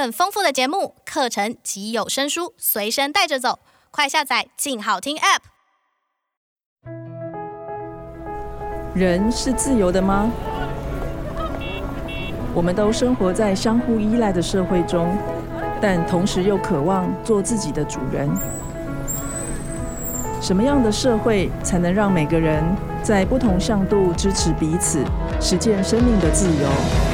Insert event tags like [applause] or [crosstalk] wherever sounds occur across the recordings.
很豐富的節目、課程及有聲書隨身帶着走，快下載“靜好聽 ”App。人是自由的嗎？我們都生活在相互依賴的社會中，但同時又渴望做自己的主人。什麼樣的社會才能讓每個人在不同向度支持彼此，實踐生命的自由？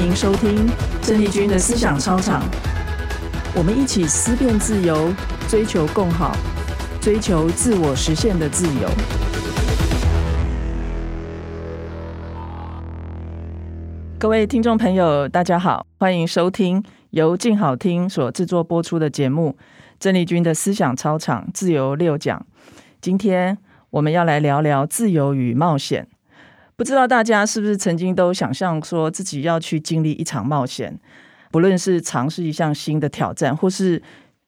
歡迎收聽鄭麗君的思想操場，我們一起思辨自由，追求共好，追求自我實現的自由。各位聽眾朋友，大家好，歡迎收聽由鏡好聽所製作播出的節目《鄭麗君的思想操場自由六講》。今天我們要來聊聊自由與冒險。不知道大家是不是曾經都想象說，自己要去經歷一場冒險，不論是嘗試一項新的挑戰，或是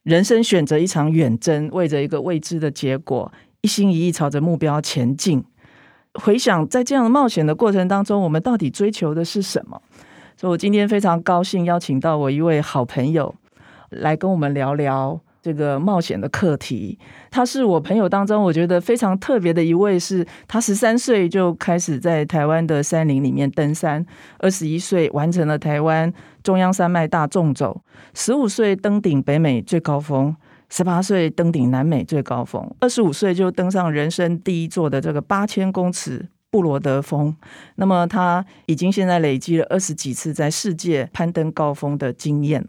人生選擇一場遠征，為着一個未知的結果，一心一意朝着目標前進。回想在這樣的冒險的過程當中，我們到底追求的是什麼？所以我今天非常高興邀請到我一位好朋友來跟我們聊聊，這個冒險的課題，他是我朋友當中我覺得非常特別的一位，是他十三歲就開始在台灣的山林裡面登山，二十一歲完成了台灣中央山脈大縱走，十五歲登頂北美最高峰，十八歲登頂南美最高峰，二十五歲就登上人生第一座的這個八千公尺布羅德峰。那麼他已經現在累積了二十幾次在世界攀登高峰的經驗。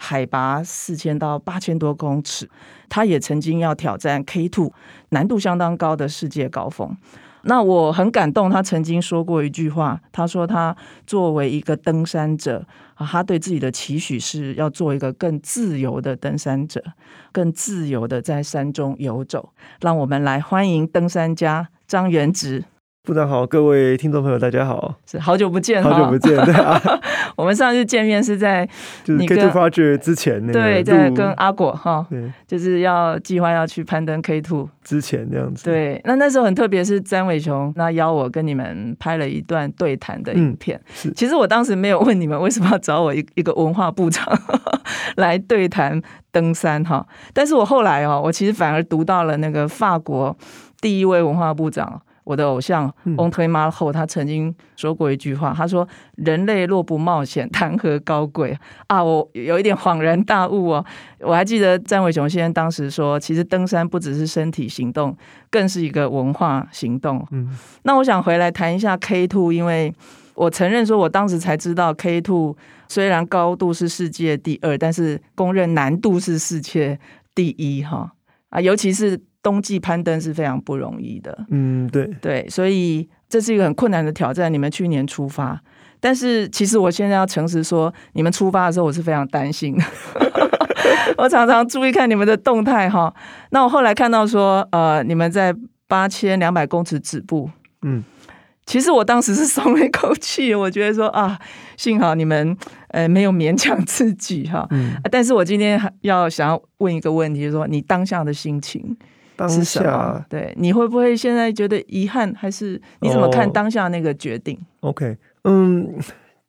海拔四千到八千多公尺，他也曾經要挑戰 K Two，難度相當高的世界高峰。那我很感動，他曾經說過一句話，他說他作為一個登山者啊，他對自己的期許是要做一個更自由的登山者，更自由的在山中游走。讓我們來歡迎登山家張元植。部長好，各位聽眾朋友，大家好，是好久不見，好久不見，對啊。 [laughs] 我們上次見面是在你跟就是 K Two Project 之前那個，對，在跟阿果哈對、哦，就是要計劃要去攀登 K Two 之前那樣子。對，那那時候很特別，是詹偉雄那邀我跟你們拍了一段對談的影片。嗯、其實我當時沒有問你們為什麼要找我一一個文化部長 [laughs] 來對談登山哈，但是我後來哦，我其實反而讀到了那個法國第一位文化部長。我的偶像翁 h o 馬後，嗯，他曾經說過一句話，他說：“人類若不冒險，談何高貴啊！”我有一點恍然大悟哦。我還記得詹偉雄先生當時說：“其實登山不只是身體行動，更是一個文化行動。”嗯，那我想回來談一下 K2，因為我承認說，我當時才知道 K2 雖然高度是世界第二，但是公認難度是世界第一哈啊，尤其是。冬季攀登是非常不容易的，嗯，對對，所以這是一個很困難的挑戰。你們去年出發，但是其實我現在要誠實說，你們出發的時候我是非常擔心。 [laughs] [laughs] 我常常注意看你們的動態哈、哦。那我後來看到說，呃，你們在八千兩百公尺止步，嗯，其實我當時是鬆了一口氣，我覺得說啊，幸好你們呃沒有勉強自己哈、哦嗯啊。但是我今天要想要問一個問題，就是說你當下的心情。當下，對，你會不會現在覺得遺憾，還是你怎麼看當下那個決定？哦、OK，嗯，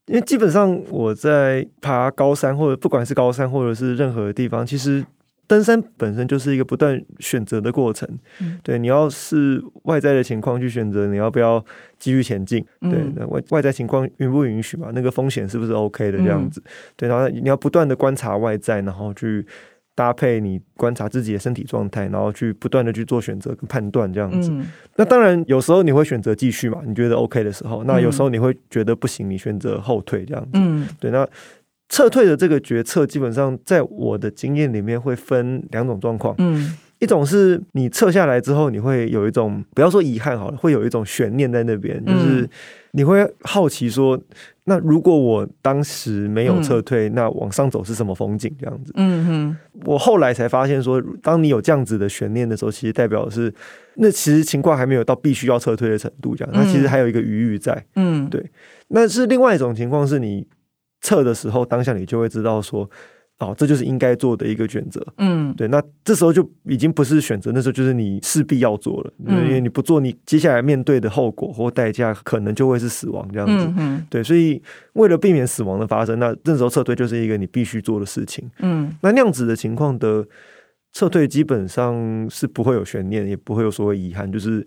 因為基本上我在爬高山，或者不管是高山或者是任何地方，其實登山本身就是一個不斷選擇的過程。嗯、對，你要是外在的情況去選擇，你要不要繼續前進？嗯、對，外外在情況允不允許嘛？那個風險是不是 OK 的這樣子？嗯、對，然後你要不斷的觀察外在，然後去。搭配你觀察自己的身體狀態，然後去不斷的去做選擇跟判斷這樣子。嗯、那當然有時候你會選擇繼續嘛，你覺得 OK 的時候，那有時候你會覺得不行，你選擇後退這樣子。嗯、對。那撤退的這個決策，基本上在我的經驗裡面會分兩種狀況。嗯、一種是你撤下來之後，你會有一種不要說遺憾好了，會有一種懸念在那邊，就是你會好奇說。那如果我當時沒有撤退，嗯、那往上走是什麼風景？這樣子，嗯哼。我後來才發現說，當你有這樣子的懸念的時候，其實代表的是那其實情況還沒有到必須要撤退的程度，這樣。那其實還有一個餘裕在，嗯，對。那是另外一種情況，是你撤的時候，當下你就會知道說。好，這就是應該做的一個選擇。嗯，對，那這時候就已經不是選擇，那時候就是你勢必要做了，對不對？嗯、因為你不做，你接下來面對的後果或代價可能就會是死亡這樣子。嗯、哼對，所以為了避免死亡的發生，那這時候撤退就是一個你必須做的事情。嗯，那這樣子的情況的撤退基本上是不會有懸念，也不會有所謂遺憾，就是。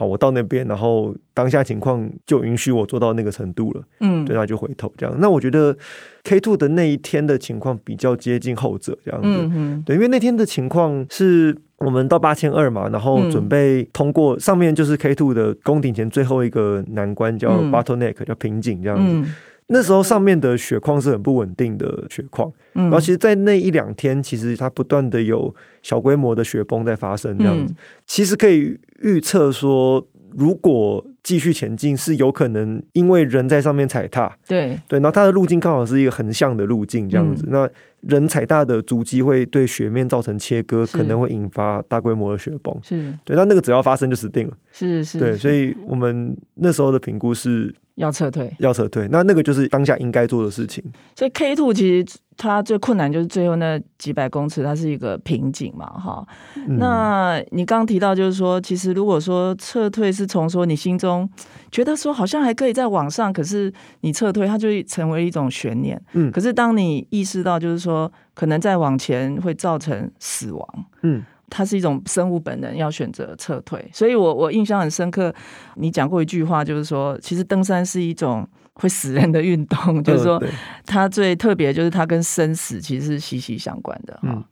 好，我到那邊，然後當下情況就允許我做到那個程度了。嗯，對，他就回頭這樣。那我覺得 K two 的那一天的情況比較接近後者這樣子。嗯，哼對，因為那天的情況是，我們到八千二嘛，然後準備通過上面就是 K two 的攻頂前最後一個難關，嗯、叫 bottleneck，叫瓶頸這樣子。嗯、那時候上面的雪況是很不穩定的雪況，嗯、然後其實，在那一兩天，其實它不斷的有小規模的雪崩在發生這樣子。嗯、其實可以。預測說，如果繼續前進，是有可能因為人在上面踩踏，對對，然後它的路徑剛好是一個橫向的路徑，這樣子，嗯、那人踩踏的足跡會對雪面造成切割，可能會引發大規模的雪崩，是對，那那個只要發生就死定了，是是對，所以我們那時候的評估是。要撤退，要撤退，那那個就是當下應該做的事情。所以 K2 其實它最困難就是最後那幾百公尺，它是一個瓶頸嘛，哈。嗯、那你剛剛提到就是說，其實如果說撤退是從說你心中覺得說好像還可以再往上，可是你撤退，它就會成為一種懸念。嗯，可是當你意識到就是說可能再往前會造成死亡，嗯。它是一種生物本能，要選擇撤退。所以我，我我印象很深刻，你講過一句話，就是說，其實登山是一種會死人的運動。就是說，它最特別就是它跟生死其實是息息相關的。哈，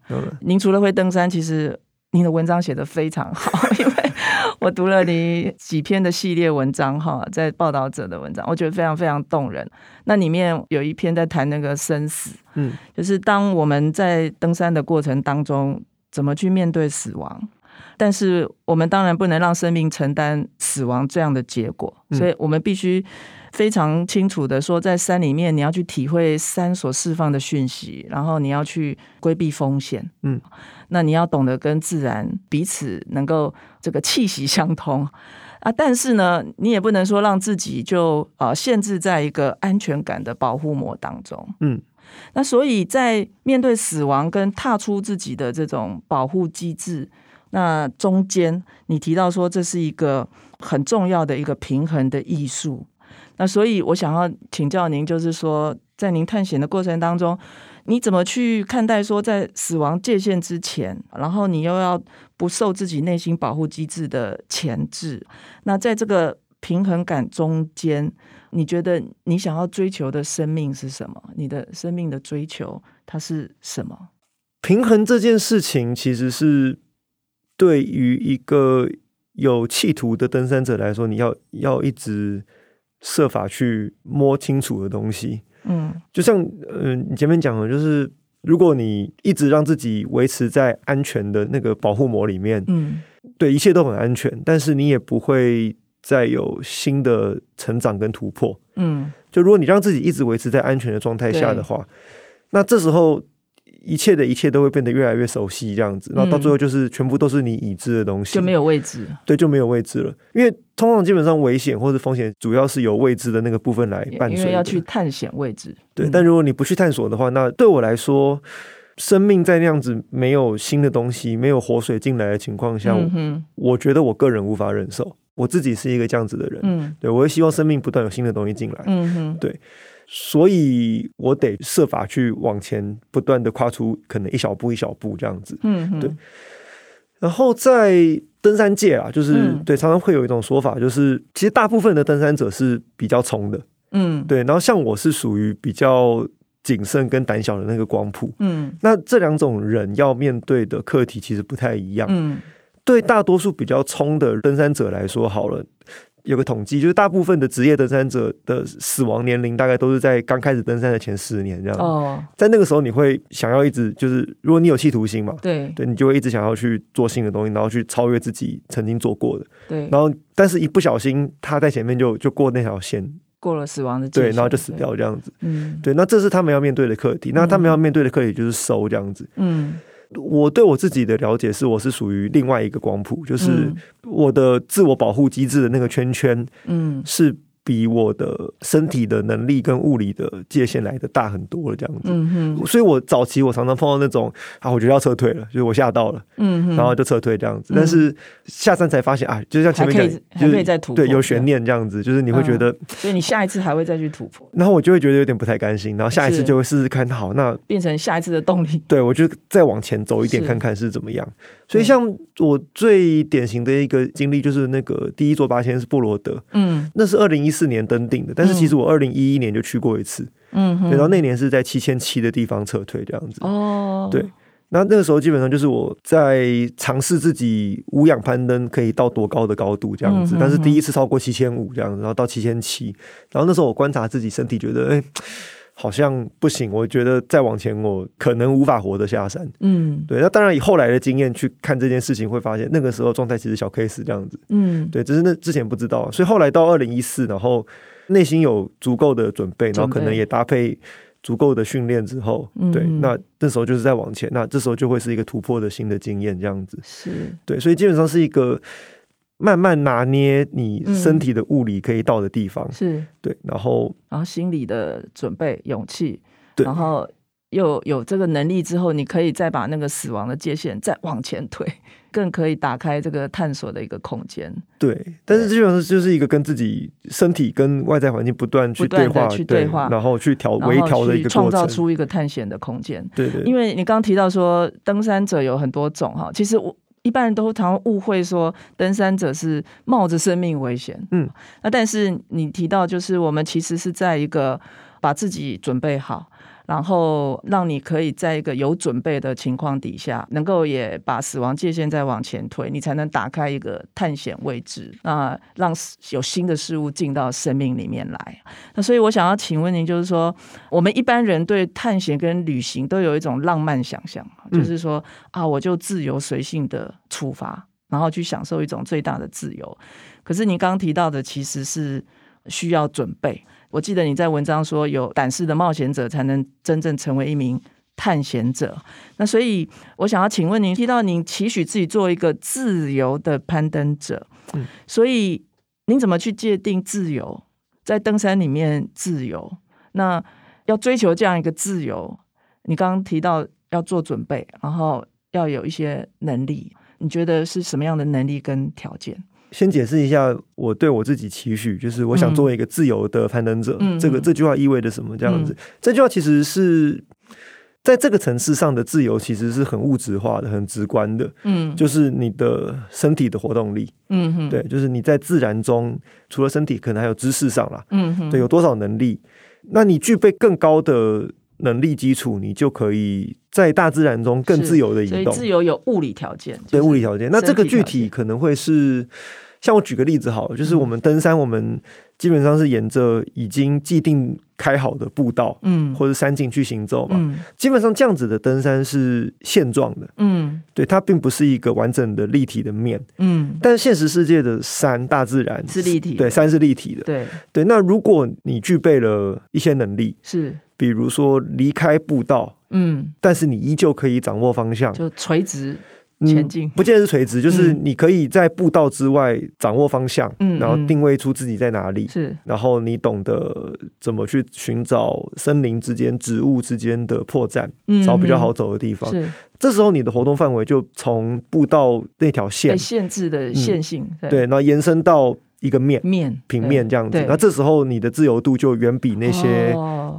您除了會登山，其實您的文章寫得非常好，因為我讀了你幾篇的系列文章哈，在《報道者》的文章，我覺得非常非常動人。那裡面有一篇在談那個生死，嗯，就是當我們在登山的過程當中。怎麼去面對死亡？但是我們當然不能讓生命承擔死亡這樣的結果，嗯、所以我們必須非常清楚的說，在山裡面你要去體會山所釋放的訊息，然後你要去規避風險。嗯，那你要懂得跟自然彼此能夠這個氣息相通啊，但是呢，你也不能說讓自己就啊、呃、限制在一個安全感的保護膜當中。嗯。那所以，在面對死亡跟踏出自己的這種保護機制，那中間你提到說，這是一個很重要的一個平衡的藝術。那所以我想要請教您，就是說在您探險的過程當中，你怎麼去看待說在死亡界限之前，然後你又要不受自己內心保護機制的鉗制？那在這個平衡感中間，你覺得你想要追求的生命是什麼？你的生命的追求它是什麼？平衡這件事情其實是對於一個有企圖的登山者來說，你要要一直設法去摸清楚的東西。嗯，就像嗯、呃，你前面講的，就是如果你一直讓自己維持在安全的那個保護膜裡面，嗯，對，一切都很安全，但是你也不會。再有新的成長跟突破，嗯，就如果你讓自己一直維持在安全的狀態下的話，對那這時候一切的一切都會變得越來越熟悉，這樣子，那、嗯、到最後就是全部都是你已知的東西，就沒有未知，對，就沒有未知了。因為通常基本上危險或是風險主要是由未知的那個部分來伴隨，因為要去探險未知，對。嗯、但如果你不去探索的話，那對我來說，生命在那樣子沒有新的東西、沒有活水進來的情況下，嗯、哼我覺得我個人無法忍受。我自己是一個這樣子的人，嗯，對，我也希望生命不斷有新的東西進來，嗯、哼對，所以我得設法去往前不斷地跨出可能一小步一小步這樣子，嗯、哼對。然後在登山界啊，就是、嗯、對，常常會有一種說法，就是其實大部分的登山者是比較衝的，嗯，對，然後像我是屬於比較謹慎跟膽小的那個光譜，嗯，那這兩種人要面對的課題其實不太一樣，嗯對大多數比較衝的登山者來說，好了，有個統計，就是大部分的職業登山者的死亡年齡大概都是在剛開始登山的前十年這樣。哦，在那個時候，你會想要一直就是，如果你有企圖心嘛，對，對，你就會一直想要去做新的東西，然後去超越自己曾經做過的。對，然後但是，一不小心，他在前面就就過那條線，過了死亡的對，然後就死掉這樣子。嗯，對，那這是他們要面對的課題。那他們要面對的課題就是收這樣子。嗯。嗯我對我自己的了解是，我是屬於另外一個光譜，就是我的自我保護機制的那個圈圈。嗯，是。比我的身體的能力跟物理的界限來的大很多了，這樣子。嗯哼。所以我早期我常常碰到那種，啊，我覺得要撤退了，就是我嚇到了，嗯哼，然後就撤退這樣子。嗯、哼但是下山才發現，啊，就像前面講，還可以，就是，還可以再突破，對，有懸念這樣子，就是你會覺得，嗯，所以你下一次還會再去突破。然後我就會覺得有點不太甘心，然後下一次就會試試看，好，那變成下一次的動力。對，我就再往前走一點，是看看是怎麼樣。所以，像我最典型的一個經歷就是那個第一座八千是布羅德，嗯，那是二零一四年登頂的。但是其實我二零一一年就去過一次，嗯哼，然後那年是在七千七的地方撤退這樣子。哦，對，那那個時候基本上就是我在嘗試自己無氧攀登可以到多高的高度這樣子，嗯、哼但是第一次超過七千五這樣子。然後到七千七，然後那時候我觀察自己身體，覺得哎。欸好像不行，我覺得再往前我可能無法活得下山。嗯，對。那當然，以後來的經驗去看這件事情，會發現那個時候狀態其實小 case 這樣子。嗯，對。只是那之前不知道，所以後來到二零一四，然後內心有足夠的準備，然後可能也搭配足夠的訓練之後，嗯、對，那那時候就是再往前，那這時候就會是一個突破的新的經驗這樣子。是，對。所以基本上是一個。慢慢拿捏你身體的物理可以到的地方，嗯、是，對，然後，然後心理的準備、勇氣，對，然後又有這個能力之後，你可以再把那個死亡的界限再往前推，更可以打開這個探索的一個空間。對，但是基本上就是一個跟自己身體、跟外在環境不斷去對話、去對話，對，然後去調微調的一個創造出一個探險的空間。對，對，因為你剛剛提到說，登山者有很多種哈，其實我。一般人都常誤會說，登山者是冒着生命危險。嗯，那但是你提到，就是我們其實是在一個把自己準備好。然後讓你可以在一個有準備的情況底下，能夠也把死亡界限再往前推，你才能打開一個探險位置，那讓有新的事物進到生命裡面來。那所以我想要請問您，就是說我們一般人對探險跟旅行都有一種浪漫想象，就是說啊，我就自由隨性的出發，然後去享受一種最大的自由。可是你剛提到的其實是。需要準備。我記得你在文章說，有膽識的冒險者才能真正成為一名探險者。那所以，我想要請問您，提到您期許自己做一個自由的攀登者，嗯是，所以您怎麼去界定自由？在登山裡面，自由。那要追求這樣一個自由，你剛剛提到要做準備，然後要有一些能力，你覺得是什麼樣的能力跟條件？先解釋一下我對我自己期許，就是我想做一個自由的攀登者，嗯哼，這個這句話意味着什麼？這樣子，嗯、這句話其實是在這個層次上的自由，其實是很物質化的、很直觀的。嗯，就是你的身體的活動力，嗯哼，對，就是你在自然中，除了身體，可能還有知識上了，嗯哼，對，有多少能力？那你具備更高的。能力基礎，你就可以在大自然中更自由的移動。自由有物理條件，對物理條件。那這個具體可能會是，像我舉個例子好了，就是我們登山，我們基本上是沿着已經既定開好的步道，嗯，或者山徑去行走嘛。嗯，基本上這樣子的登山是線狀的，嗯，對，它並不是一個完整的立體的面，嗯。但是現實世界的山，大自然是立體的，對，山是立體的，對對。那如果你具備了一些能力，是。比如說離開步道，嗯，但是你依舊可以掌握方向，就垂直前進，嗯，不見得是垂直，嗯、就是你可以在步道之外掌握方向，嗯，然後定位出自己在哪裡，是、嗯，然後你懂得怎麼去尋找森林之間、植物之間的破綻，找、嗯、比較好走的地方。嗯、是，這時候你的活動範圍就從步道那條線限制的線性，嗯、對，對，然後延伸到。一個面面、平面這樣子，那這時候你的自由度就遠比那些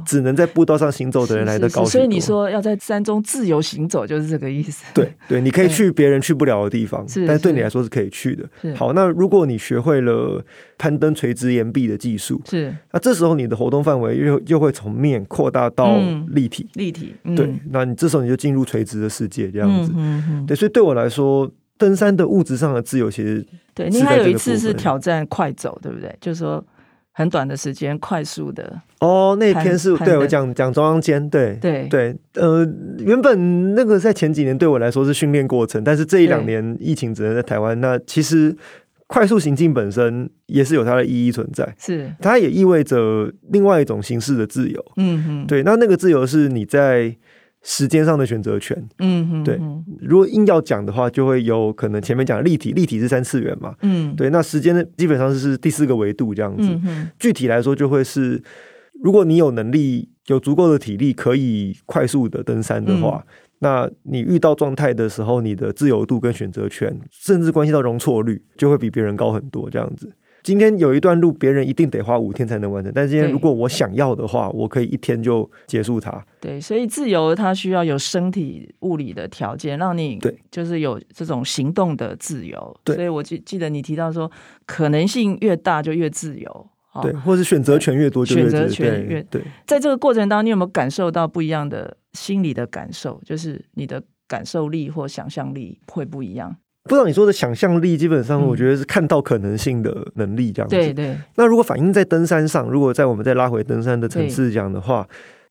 只能在步道上行走的人來得高。哦是是是。所以你說要在山中自由行走，就是這個意思。對對，你可以去別人去不了的地方，對，但是對你來說是可以去的。是是，好，那如果你學會了攀登垂直岩壁的技術，是，那這時候你的活動範圍又又會從面擴大到立體、嗯、立體。嗯、對，那你這時候你就進入垂直的世界這樣子。嗯、哼哼對，所以對我來說，登山、的物質上的自由其實對你還有一次是挑戰快走，對不對？就是說很短的時間，快速的。哦，那一篇是，對，我講講中央間，對對對。呃，原本那個在前幾年對我來說是訓練過程，但是這一兩年疫情只能在台灣，對那其實快速行進本身也是有它的意義存在，是它也意味着另外一種形式的自由。嗯哼，對，那那個自由是你在。時間上的選擇權，嗯哼哼，對。如果硬要講的話，就會有可能前面講的立體，立體是三次元嘛，嗯、對。那時間基本上是第四個維度這樣子。嗯、哼，具體來說，就會是如果你有能力、有足夠的體力，可以快速的登山的話，嗯、那你遇到狀態的時候，你的自由度跟選擇權，甚至關係到容錯率，就會比別人高很多這樣子。今天有一段路，別人一定得花五天才能完成。但是今天如果我想要的話，對我可以一天就結束它。對，所以自由它需要有身體物理的條件，讓你就是有這種行動的自由。對所以我記記得你提到說，可能性越大就越自由，對，啊、對，或者選擇權越多就越自由，選擇權越對。對在這個過程當中，你有沒有感受到不一樣的心理的感受？就是你的感受力或想象力會不一樣。不知道你說的想象力，基本上我覺得是看到可能性的能力這樣子，嗯。對對。那如果反映在登山上，如果在我們再拉回登山的層次講的話，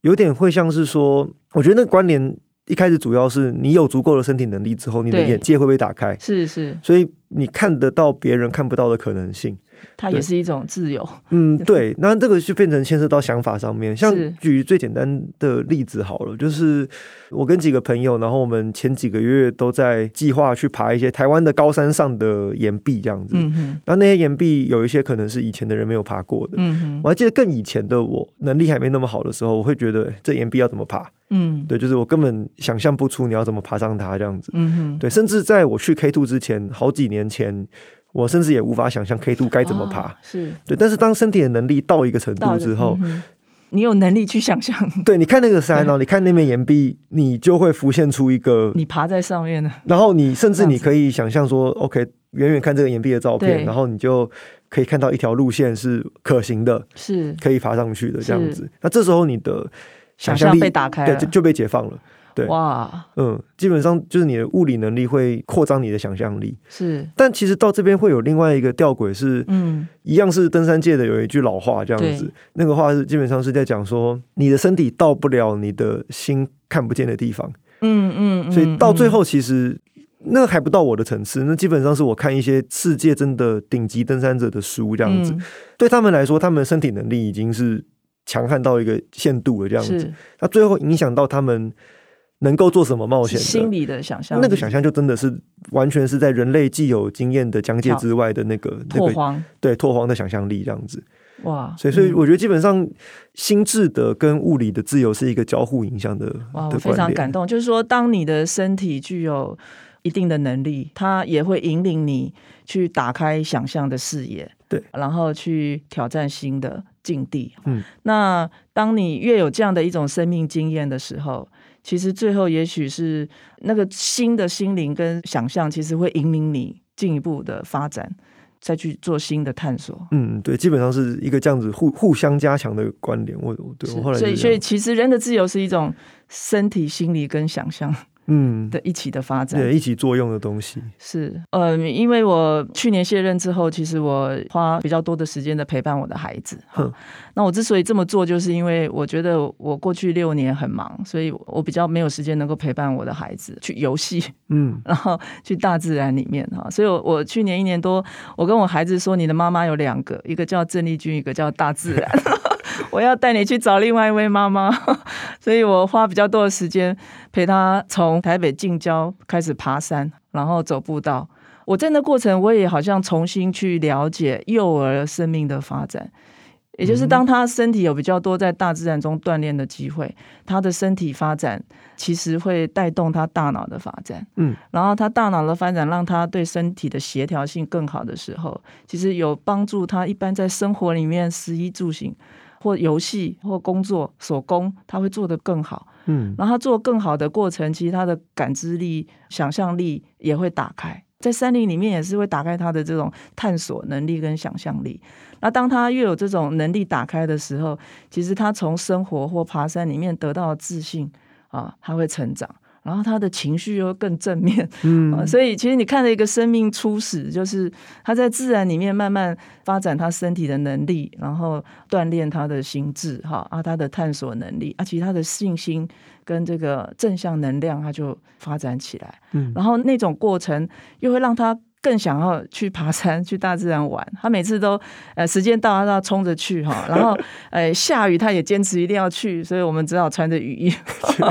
對有點會像是說，我覺得那個關聯一開始主要是你有足夠的身體能力之後，你的眼界會被打開。是是。所以你看得到別人看不到的可能性。它也是一種自由。嗯，對，那這個就變成牽涉到想法上面。像舉最簡單的例子好了，是就是我跟幾個朋友，然後我們前幾個月都在計劃去爬一些台灣的高山上的岩壁這樣子。嗯，那哼那些岩壁有一些可能是以前的人沒有爬過的。嗯哼我還記得更以前的我能力還沒那麼好的時候，我會覺得這岩壁要怎麼爬？嗯哼，對，就是我根本想象不出你要怎麼爬上它這樣子。嗯哼對，甚至在我去 K2 之前，好幾年前。我甚至也無法想象 K2 該怎麼爬，哦、是對，但是當身體的能力到一個程度之後，嗯、你有能力去想象。對，你看那個山哦對，你看那面岩壁，B, 你就會浮現出一個你爬在上面了。然後你甚至你可以想象說，OK，遠遠看這個岩壁的照片，對然後你就可以看到一條路線是可行的，是可以爬上去的這樣子。是那這時候你的想象力想被打開了就就被解放了。對哇，嗯，基本上就是你的物理能力會擴張你的想象力，是。但其實到這邊會有另外一個吊詭是，嗯，一樣是登山界的有一句老話這樣子，對那個話是基本上是在講說，你的身體到不了你的心看不見的地方，嗯嗯、嗯，所以到最後其實、嗯嗯、那還不到我的層次，那基本上是我看一些世界真的頂級登山者的書這樣子，嗯、對他們來說，他們的身體能力已經是強悍到一個限度了這樣子。那是最後影響到他們，能夠做什麼冒險？心理的想象，那個想象就真的是完全是在人類既有經驗的疆界之外的那個拓荒，那個、對拓荒的想象力這樣子。哇！所以，所以我覺得基本上心智的跟物理的自由是一個交互影響的。嗯、的哇，我非常感動。就是說，當你的身體具有一定的能力，它也會引領你去打開想象的視野，對，然後去挑戰新的境地。嗯，那當你越有這樣的一種生命經驗的時候。其實最後也許是那個新的心靈跟想象，其實會引領你進一步的發展，再去做新的探索。嗯，對，基本上是一個這樣子互互相加強的關聯。我我對我後來，所以所以其實人的自由是一種身體、心理跟想象。嗯，的一起的發展，對一起作用的東西是，呃、嗯，因為我去年卸任之後，其實我花比較多的時間的陪伴我的孩子。哼，呵那我之所以這麼做，就是因為我覺得我過去六年很忙，所以我比較沒有時間能夠陪伴我的孩子去遊戲，嗯，然後去大自然裡面哈。所以，我我去年一年多，我跟我孩子說，你的媽媽有兩個，一個叫鄭麗君，一個叫大自然。 [laughs] 我要帶你去找另外一位媽媽，所以我花比較多的時間陪她從台北近郊開始爬山，然後走步道。我在那過程，我也好像重新去了解幼兒生命的發展，也就是當他身體有比較多在大自然中鍛鍊的機會，他的身體發展其實會帶動他大腦的發展，嗯，然後他大腦的發展讓他對身體的協調性更好的時候，其實有幫助他一般在生活裡面食衣住行。或遊戲或工作手工，他會做得更好，嗯，然後他做更好的過程，其實他的感知力、想象力也會打開，在山林裡面也是會打開他的這種探索能力跟想象力。那當他越有這種能力打開的時候，其實他從生活或爬山裡面得到自信啊，他會成長。然後他的情緒又更正面，嗯、啊，所以其實你看了一個生命初始，就是他在自然裡面慢慢發展他身體的能力，然後鍛鍊他的心智，哈啊，他的探索能力啊，其實他的信心跟這個正向能量，他就發展起來，嗯，然後那種過程又會讓他。更想要去爬山，去大自然玩。他每次都，呃，時間到他都要衝着去哈。然後，呃，下雨他也堅持一定要去，所以我們只好穿着雨衣，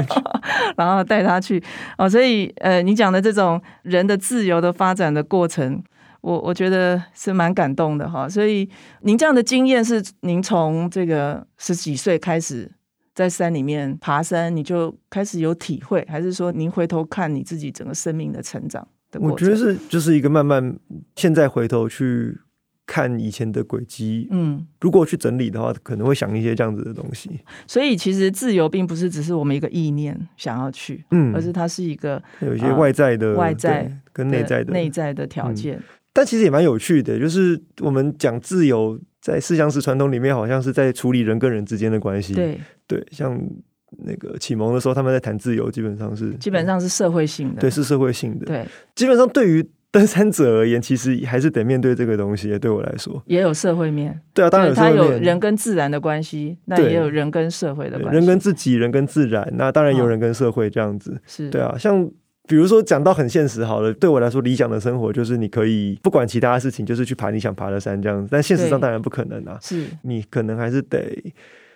[laughs] 然後帶他去。哦，所以，呃，你講的這種人的自由的發展的過程，我我覺得是蠻感動的哈、哦。所以，您這樣的經驗是您從這個十幾歲開始在山裡面爬山，你就開始有體會，還是說您回頭看你自己整個生命的成長？我覺得是，就是一個慢慢現在回頭去看以前的軌跡，嗯，如果去整理的話，可能會想一些這樣子的東西。所以，其實自由並不是只是我們一個意念想要去，嗯，而是它是一個有一些外在的、呃、外在的對跟內在的內在的條件，嗯。但其實也蠻有趣的，就是我們講自由在思想史傳統裡面，好像是在處理人跟人之間的關係，對對，像。那個啟蒙的時候，他們在談自由，基本上是基本上是社會性的，嗯、對，是社會性的，對。基本上對於登山者而言，其實還是得面對這個東西。對我來說，也有社會面，對啊，當然有社會面。對，他有人跟自然的關係，那對也有人跟社會的關係，人跟自己，人跟自然，那當然有人跟社會這樣子，嗯、對啊。像比如說講到很現實，好了，對我來說，理想的生活就是你可以不管其他的事情，就是去爬你想爬的山這樣子。但現實上當然不可能啊，是你可能還是得。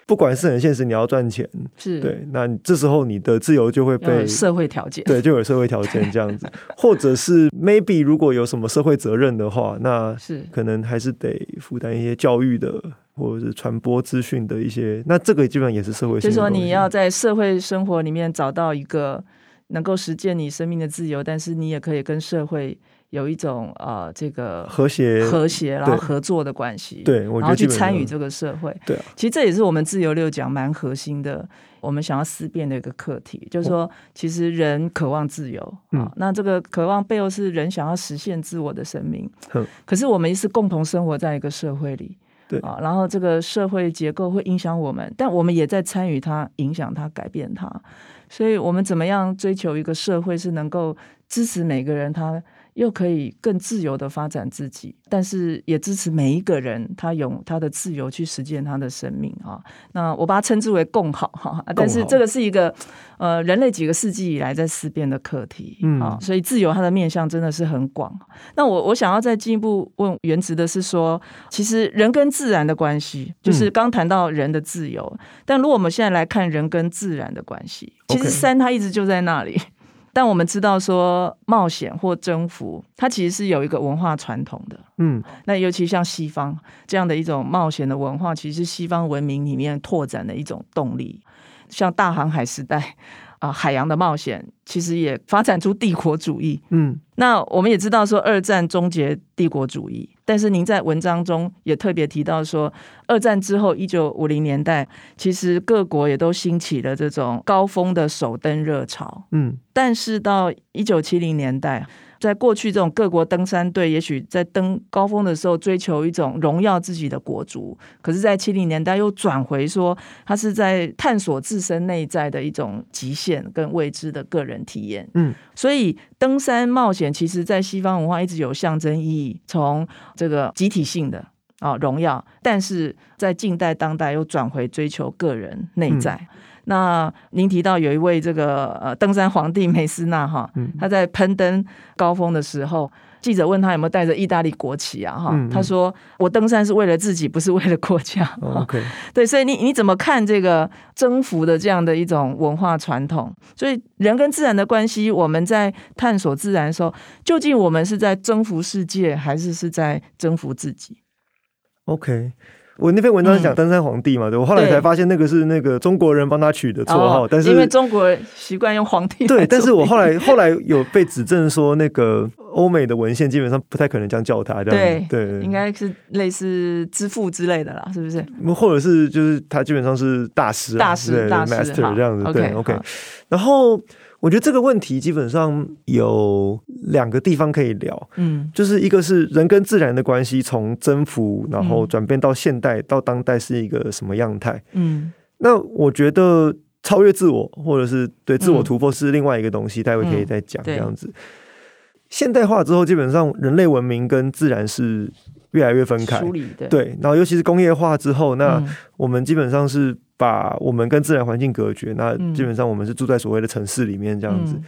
不管是很現實，你要賺錢，是對。那這時候你的自由就會被有社會條件，對，就有社會條件這樣子， [laughs] 或者是 maybe 如果有什麼社會責任的話，那是可能還是得負擔一些教育的或者是傳播資訊的一些。那這個基本上也是社會，就是說你要在社會生活裡面找到一個能夠實踐你生命的自由，但是你也可以跟社會。有一種呃，這個和諧諧、和諧，然後合作的關係，對，然後去參與這個社會。對，其實這也是我們自由六講蠻核心的，啊、我們想要思辨的一個課題，就是說，其實人渴望自由、嗯、啊，那這個渴望背後是人想要實現自我的生命。呵可是我們是共同生活在一個社會裡，對啊，然後這個社會結構會影響我們，但我們也在參與它、影響它、改變它。所以，我們怎麼樣追求一個社會是能夠支持每個人他，又可以更自由的發展自己，但是也支持每一個人他用他的自由去實踐他的生命哈，那我把它稱之為共好哈，好，但是這個是一個呃人類幾個世紀以來在思辨的課題啊，嗯、所以自由它的面向真的是很廣。那我我想要再進一步問元植的是說，其實人跟自然的關係，就是剛談到人的自由，嗯、但如果我們現在來看人跟自然的關係，其實山它一直就在那裡。Okay 但我們知道說冒險或征服，它其實是有一個文化傳統的。嗯，那尤其像西方這樣的一種冒險的文化，其實是西方文明裡面拓展的一種動力，像大航海時代啊、呃，海洋的冒險，其實也發展出帝國主義。嗯。那我們也知道說，二戰終結帝國主義。但是您在文章中也特別提到說，二戰之後，一九五零年代，其實各國也都興起了這種高峰的首登熱潮。嗯，但是到一九七零年代，在過去這種各國登山隊也許在登高峰的時候追求一種榮耀自己的國族，可是，在七零年代又轉回說，他是在探索自身內在的一種極限跟未知的個人體驗。嗯，所以登山冒險。其實，在西方文化一直有象徵意義，從這個集體性的啊榮耀，但是在近代當代又轉回追求個人內在。嗯。那您提到有一位這個呃登山皇帝梅斯納哈，他在攀登高峰的時候記者問他有沒有帶着意大利國旗啊？哈、嗯嗯，他說我登山是為了自己，不是為了國家。Oh, OK，對，所以你你怎麼看這個征服的這樣的一種文化傳統？所以人跟自然的關係，我們在探索自然的時候，究竟我們是在征服世界，還是是在征服自己？OK。我那篇文章是講登山皇帝嘛，對，我後來才發現那個是那個中國人幫他取的綽號，但是因為中國人習慣用皇帝，對，但是我後來後來有被指證說那個歐美的文獻基本上不太可能這樣叫他，這樣子，對對，應該是類似之父之類的啦，是不是？或者是就是他基本上是大師，大師，對，master 這樣子，對，OK，然後。我覺得這個問題基本上有兩個地方可以聊，嗯，就是一個是人跟自然的關係，從征服然後轉變到現代到當代是一個什麼樣態，嗯，那我覺得超越自我或者是對自我突破是另外一個東西，待會可以再講這樣子。現代化之後，基本上人類文明跟自然是越來越分開，對，然後尤其是工業化之後，那我們基本上是。把我們跟自然環境隔絕，那基本上我們是住在所謂的城市裡面這樣子，嗯、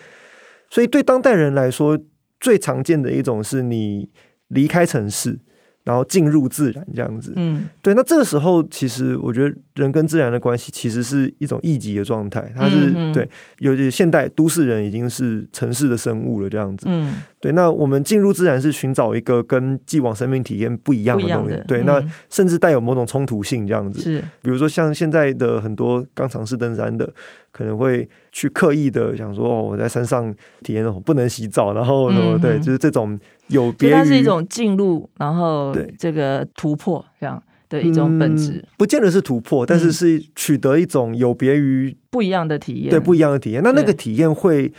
所以對當代人來說，最常見的一種是你離開城市。然後進入自然這樣子，嗯，對。那這個時候，其實我覺得人跟自然的關係其實是一種異己的狀態，它是、嗯、哼對，尤其現代都市人已經是城市的生物了這樣子，嗯，對。那我們進入自然，是尋找一個跟既往生命體驗不一樣的東西，對。嗯、那甚至帶有某種衝突性這樣子，是。比如說像現在的很多剛嘗試登山的，可能會去刻意的想說，哦，我在山上體驗，我不能洗澡，然後、嗯、哼對，就是這種。有別是一種進入，然後這個突破這樣對的一種本質、嗯，不見得是突破，但是是取得一種有別於、嗯、不一樣的體驗，對，不一樣的體驗。對那那個體驗會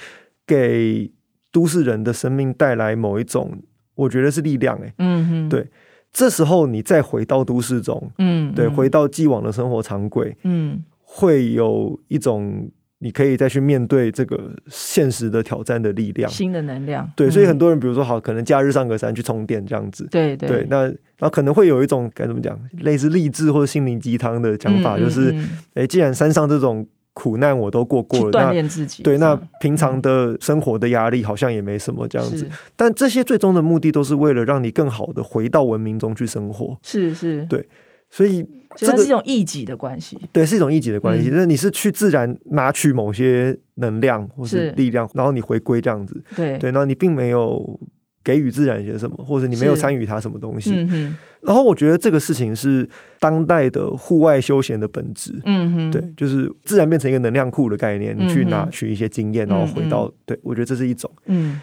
給都市人的生命帶來某一種，我覺得是力量、欸。哎、嗯哼，嗯嗯，對，這時候你再回到都市中，嗯，嗯，對，回到既往的生活常規，嗯，會有一種。你可以再去面對這個現實的挑戰的力量，新的能量，對，嗯、所以很多人，比如說，好，可能假日上個山去充電這樣子，對對，對那那可能會有一種該怎麼講，類似勵志或者心靈雞湯的講法，嗯、就是誒，既然山上這種苦難我都過過了，鍛鍊自己，那嗯、對，那平常的生活的壓力好像也沒什麼這樣子，是但這些最終的目的都是為了讓你更好的回到文明中去生活，是是，對。所以這個、所以是一種異己的關係，對，是一種異己的關係。嗯、就是你是去自然拿取某些能量或是力量，是然後你回歸這樣子，對對。那你並沒有給予自然些什麼，或者你沒有參與它什麼東西。嗯、然後我覺得這個事情是當代的戶外休閒的本質，嗯哼對，就是自然變成一個能量庫的概念，嗯、哼你去拿取一些經驗，然後回到。嗯、哼對，我覺得這是一種，嗯。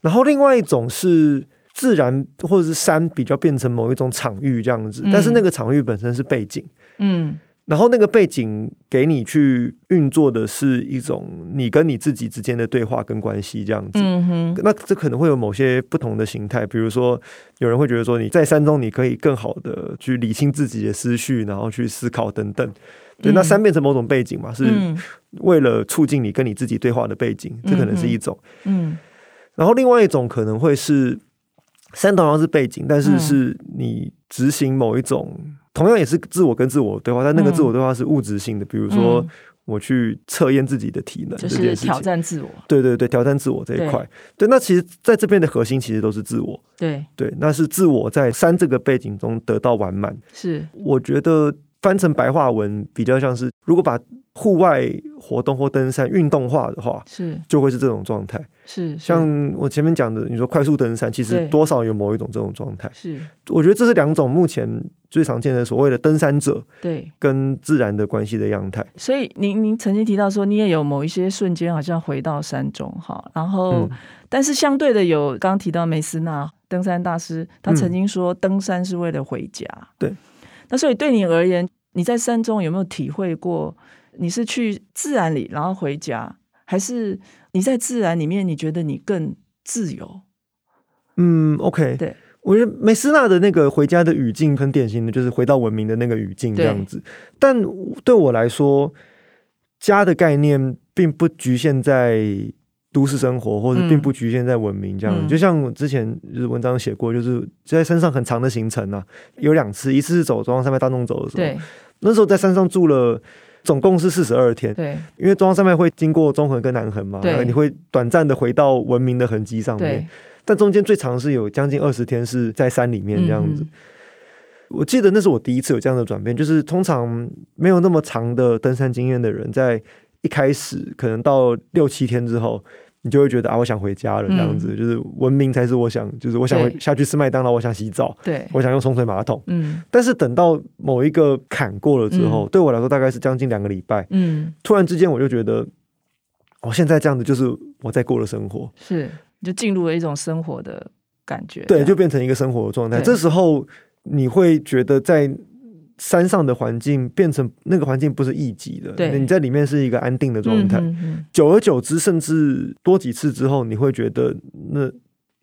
然後另外一種是。自然或者是山比較變成某一種場域這樣子，嗯，但是那個場域本身是背景，嗯，然後那個背景給你去運作的是一種你跟你自己之間的對話跟關係這樣子，嗯哼，那這可能會有某些不同的形態，比如說有人會覺得說你在山中你可以更好的去理清自己的思緒，然後去思考等等，嗯，對，那山變成某種背景嘛，是為了促進你跟你自己對話的背景，嗯哼，這可能是一種，嗯，然後另外一種可能會是。山同樣是背景，但是是你執行某一種，嗯、同樣也是自我跟自我對話，但那個自我對話是物質性的，比如說我去測驗自己的體能、嗯，就是挑戰自我，對對對，挑戰自我這一塊，對，對，那其實在這邊的核心其實都是自我，對對，那是自我在山這個背景中得到完滿，是我覺得翻成白話文比較像是如果把。戶外活動或登山運動化的話，是就會是這種狀態。是像我前面講的，你說快速登山，其實多少有某一種這種狀態。是，我覺得這是兩種目前最常見的所謂的登山者對跟自然的關係的樣態。所以你，您您曾經提到說，你也有某一些瞬間好像回到山中哈，然後、嗯、但是相對的有剛提到梅斯納登山大師，他曾經說登山是為了回家。嗯、對，那所以對你而言，你在山中有沒有體會過？你是去自然裡，然後回家，還是你在自然裡面？你覺得你更自由？嗯，OK。對，我覺得梅斯納的那個回家的語境很典型的，的就是回到文明的那個語境這樣子。對，但對我來說，家的概念並不局限在都市生活，或者並不局限在文明這樣。嗯、就像之前就是文章寫過，就是在山上很長的行程啊，有兩次，一次是走中央山脈大縱走的時候，對那時候在山上住了。總共是四十二天，對因為中央山脈會經過中橫跟南橫嘛，對你會短暫的回到文明的痕跡上面，對但中間最長是有將近二十天是在山裡面這樣子。嗯、哼我記得那是我第一次有這樣的轉變，就是通常沒有那麼長的登山經驗的人，在一開始可能到六七天之後。你就會覺得啊，我想回家了，這樣子，嗯、就是文明才是我想，就是我想對下去吃麥當勞，我想洗澡，對，我想用沖水馬桶。嗯、但是等到某一個坎過了之後，嗯、對我來說大概是將近兩個禮拜，嗯，突然之間我就覺得，我，哦、現在這樣子就是我在過的生活，是就進入了一種生活的感覺，對，就變成一個生活的狀態。對這時候你會覺得在。山上的環境變成那個環境不是一級的，對你在裡面是一個安定的狀態。嗯、哼哼久而久之，甚至多幾次之後，你會覺得那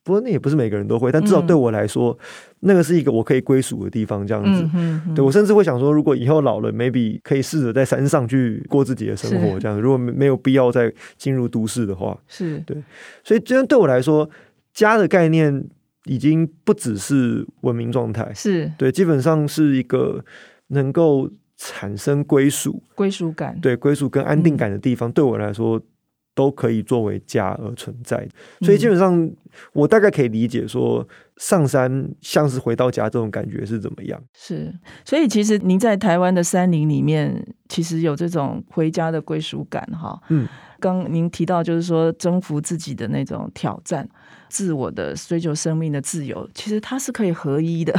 不過那也不是每個人都會，但至少對我來說，嗯、那個是一個我可以歸屬的地方，這樣子。嗯、哼哼對我甚至會想說，如果以後老了，maybe 可以試着在山上去過自己的生活，這樣子。是如果沒有必要再進入都市的話，是對。所以，這樣對我來說，家的概念，已經不只是文明狀態，是對，基本上是一個能夠產生歸屬、歸屬感，對歸屬跟安定感的地方，嗯、對我來說都可以作為家而存在。所以基本上，嗯、我大概可以理解說，上山像是回到家這種感覺是怎麼樣。是，所以其實您在台灣的山林裡面，其實有這種回家的歸屬感，哈。嗯，剛您提到就是說征服自己的那種挑戰。自我的追求，生命的自由，其實它是可以合一的，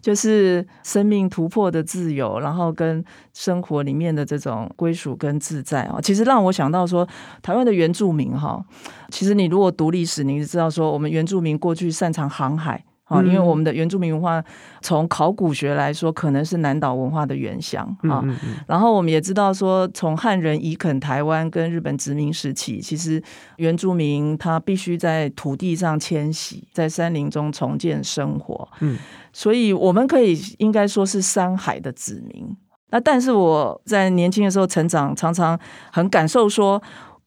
就是生命突破的自由，然後跟生活裡面的這種歸屬跟自在啊，其實讓我想到說，台灣的原住民哈，其實你如果讀歷史，你就知道說，我們原住民過去擅長航海。因為我們的原住民文化，從考古學來說，可能是南島文化的原鄉啊。然後我們也知道說，從漢人移墾台灣跟日本殖民時期，其實原住民他必須在土地上遷徙，在山林中重建生活。嗯，所以我們可以應該說是山海的子民。那但是我在年輕的時候成長，常常很感受說。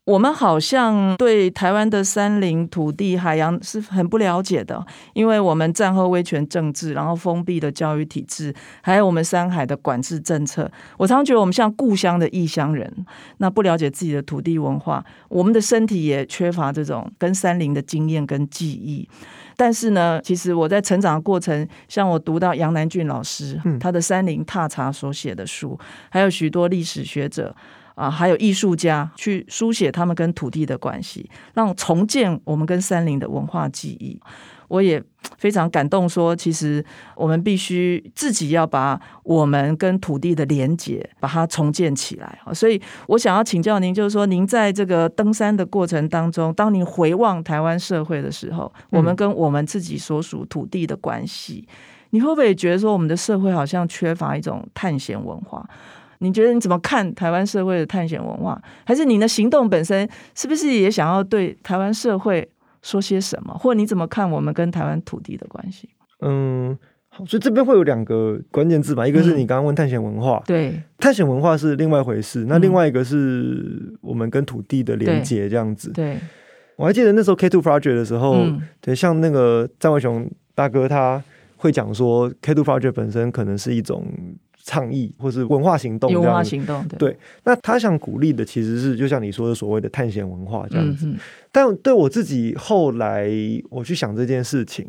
我們好像對台灣的山林、土地、海洋是很不了解的，因為我們戰後威權政治，然後封閉的教育體制，還有我們山海的管制政策，我常覺得我們像故鄉的異鄉人，那不了解自己的土地文化，我們的身體也缺乏這種跟山林的經驗跟記憶。但是呢，其實我在成長的過程，像我讀到楊南郡老師，嗯，他的《山林踏查》所寫的書，還有許多歷史學者。啊，還有藝術家去書寫他們跟土地的關係，讓重建我們跟山林的文化記憶。我也非常感動說，說其實我們必須自己要把我們跟土地的連接把它重建起來。所以，我想要請教您，就是說，您在這個登山的過程當中，當您回望台灣社會的時候，我們跟我們自己所屬土地的關係，嗯、你會不會覺得說，我們的社會好像缺乏一種探險文化？你覺得你怎麼看台灣社會的探險文化？還是你的行動本身是不是也想要對台灣社會說些什麼？或你怎麼看我們跟台灣土地的關係？嗯，好，所以這邊會有兩個關鍵字吧，一個是你剛剛問探險文化，對、嗯，探險文化是另外一回事。對那另外一個是我們跟土地的連結這樣子。對，對我還記得那時候 K Two Project 的時候，嗯、對，像那個詹偉雄大哥他會講說，K Two Project 本身可能是一種。倡議或是文化行動，文化行動對。那他想鼓勵的其實是，就像你說的所謂的探險文化這樣子。嗯哼。但對我自己後來我去想這件事情，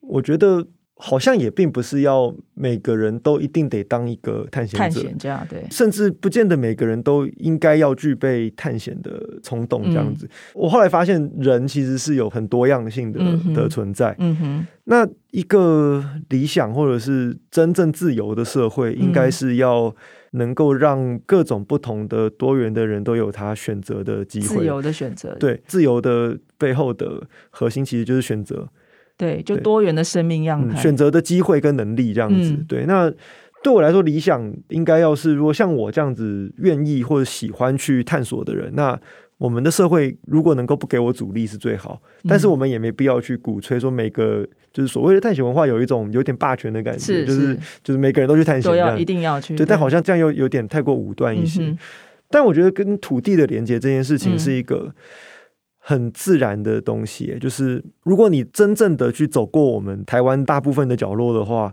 我覺得。好像也並不是要每個人都一定得當一個探險者、探險家，對，甚至不見得每個人都應該要具備探險的衝動這樣子。嗯、我後來發現，人其實是有很多樣性的，嗯、哼的存在。嗯、哼那一個理想或者是真正自由的社會，應該是要能夠讓各種不同的多元的人都有他選擇的機會，自由的選擇。對，自由的背後的核心其實就是選擇。對，就多元的生命樣態、嗯，選擇的機會跟能力這樣子。嗯、對，那對我來說，理想應該要是如果像我這樣子願意或者喜歡去探索的人，那我們的社會如果能夠不給我阻力是最好。但是我們也沒必要去鼓吹說每個就是所謂的探險文化，有一種有點霸權的感覺，是是就是就是每個人都去探險，都要一定要去。對，對，但好像這樣又有點太過武斷一些。嗯哼，但我覺得跟土地的連接這件事情是一個。嗯很自然的東西，就是如果你真正的去走過我們台灣大部分的角落的話，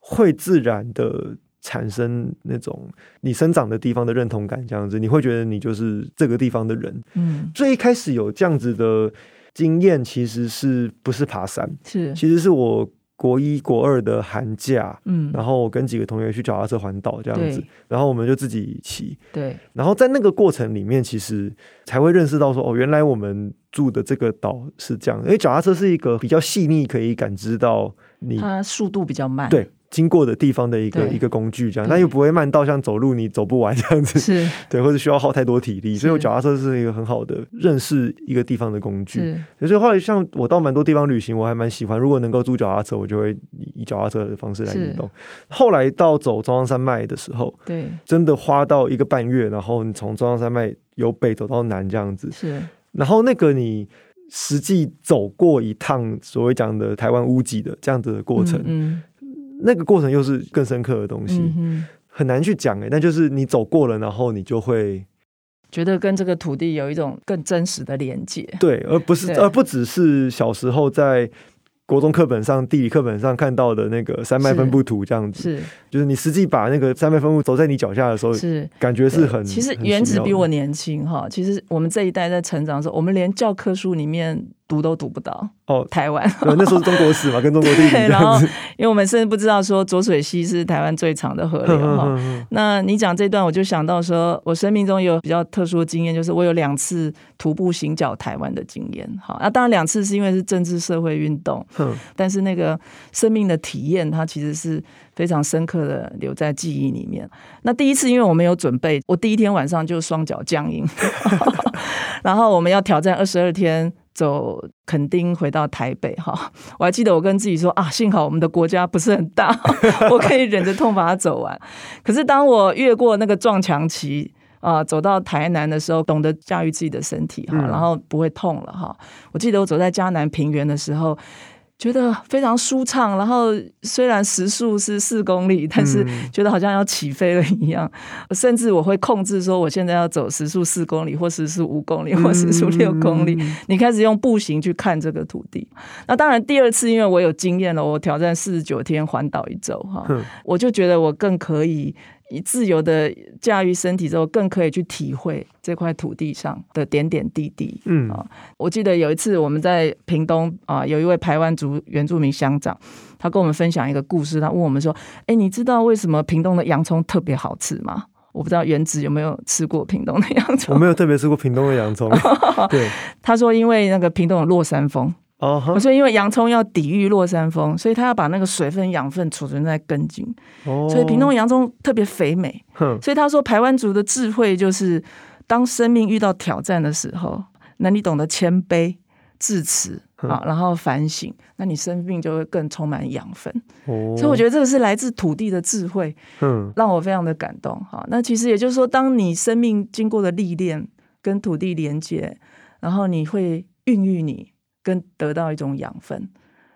會自然的產生那種你生長的地方的認同感，這樣子，你會覺得你就是這個地方的人。嗯，最一開始有這樣子的經驗，其實是不是爬山？是，其實是我。國一、國二的寒假，嗯，然後我跟幾個同學去腳踏車環島這樣子，對然後我們就自己騎，對，然後在那個過程裡面，其實才會認識到說，哦，原來我們住的這個島是這樣，因為腳踏車是一個比較細膩，可以感知到你，它速度比較慢，對。經過的地方的一個對一個工具，這樣，但又不會慢到像走路你走不完這樣子，對，對，或者需要耗太多體力，是所以我腳踏車是一個很好的認識一個地方的工具。是所以後來像我到蠻多地方旅行，我還蠻喜歡，如果能夠租腳踏車，我就會以腳踏車的方式來運動。是後來到走中央山脈的時候，對真的花到一個半月，然後你從中央山脈由北走到南這樣子，是然後那個你實際走過一趟所謂講的台灣屋脊的這樣子的過程，嗯嗯。那個過程又是更深刻的東西，嗯、哼很難去講哎、欸。那就是你走過了，然後你就會覺得跟這個土地有一種更真實的連接。對，而不是對而不只是小時候在國中課本上、地理課本上看到的那個山脈分布圖這樣子。是，就是你實際把那個山脈分布走在你腳下的時候，是感覺是很。其實元植比我年輕哈。其實我們這一代在成長的時候，我們連教科書裡面。讀都讀不到哦，oh, 台灣那時候是中國史嘛，跟中國電影這樣對。然後因為我們甚至不知道說濁水溪是台灣最長的河流哈。呵呵呵，那你講這段，我就想到說，我生命中有比較特殊的經驗，就是我有兩次徒步行腳台灣的經驗。好，那、啊、當然兩次是因為是政治社會運動，呵但是那個生命的體驗，它其實是非常深刻的留在記憶裡面。那第一次，因為我沒有準備，我第一天晚上就雙腳僵硬， [laughs] [laughs] 然後我們要挑戰二十二天。.走墾丁回到台北哈，我還記得我跟自己說啊，幸好我們的國家不是很大，我可以忍着痛把它走完。 [laughs] 可是當我越過那個撞牆期啊，走到台南的時候，懂得駕馭自己的身體哈，然後不會痛了哈。我記得我走在嘉南平原的時候，覺得非常舒暢，然後雖然時速是四公里，但是覺得好像要起飛了一樣。嗯、甚至我會控制說，我現在要走時速四公里，或時速五公里，或時速六公里。嗯、你開始用步行去看這個土地。那當然，第二次因為我有經驗了，我挑戰四十九天環島一周哈，呵我就覺得我更可以。你自由地駕馭身體之後，更可以去體會這塊土地上的點點滴滴。嗯啊，我記得有一次我們在屏東啊，有一位排灣族原住民鄉長，他跟我們分享一個故事，他問我們說：“哎、欸，你知道為什麼屏東的洋蔥特別好吃嗎？”我不知道元植有沒有吃過屏東的洋蔥，我沒有特別吃過屏東的洋蔥。對，他說因為那個屏東有落山風。我說，oh, huh? 所以因為洋蔥要抵禦落山風，所以他要把那個水分、養分儲存在根莖，oh. 所以屏東洋蔥特別肥美。哼所以他說，排灣族的智慧就是，當生命遇到挑戰的時候，那你懂得謙卑、自持啊，然後反省，那你生命就會更充滿養分。Oh. 所以我覺得這個是來自土地的智慧，嗯哼，讓我非常的感動。好，那其實也就是說，當你生命經過的歷練，跟土地連接，然後你會孕育你。跟得到一種養分，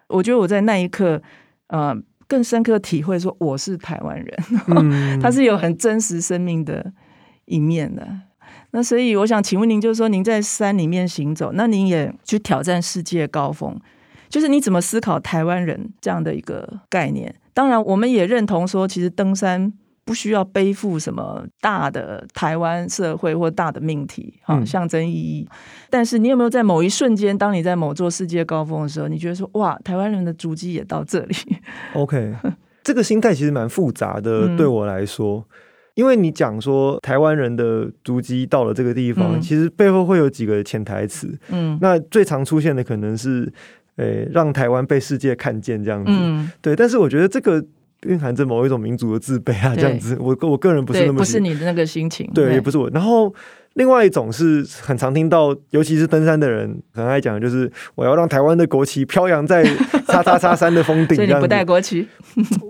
我覺得我在那一刻，呃，更深刻體會說我是台灣人，他 [laughs] 是有很真實生命的一面的。那所以我想請問您，就是說您在山裡面行走，那您也去挑戰世界高峰，就是你怎麼思考台灣人這樣的一個概念？當然，我們也認同說，其實登山，不需要背負什麼大的台灣社會或大的命題哈、嗯、象徵意義，但是你有沒有在某一瞬間，當你在某座世界高峰的時候，你覺得說哇，台灣人的足跡也到這裡？OK， [laughs] 這個心態其實蠻複雜的，對我來說，嗯、因為你講說台灣人的足跡到了這個地方，嗯、其實背後會有幾個潛台詞。嗯，那最常出現的可能是，誒、欸，讓台灣被世界看見這樣子。嗯、對，但是我覺得這個。蘊含着某一種民族的自卑啊，這樣子對，我我個人不是那麼。不是你的那個心情，對，對對也不是我。然後，另外一種是很常聽到，尤其是登山的人很愛講的，就是我要讓台灣的國旗飄揚在叉叉叉山的峰頂這樣子，所以你不帶國旗，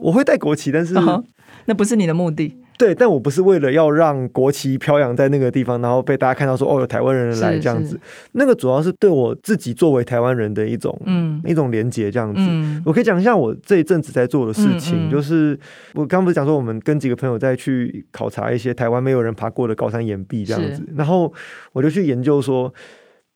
我會帶國旗，但是 [laughs] 那不是你的目的。對，但我不是為了要讓國旗飄揚在那個地方，然後被大家看到說哦，有台灣人來這樣子。是是那個主要是對我自己作為台灣人的一種，嗯，一種連結這樣子。嗯、我可以講一下我這一陣子在做的事情，嗯嗯，就是我剛剛不是講說我們跟幾個朋友在去考察一些台灣沒有人爬過的高山巖壁這樣子，是然後我就去研究說。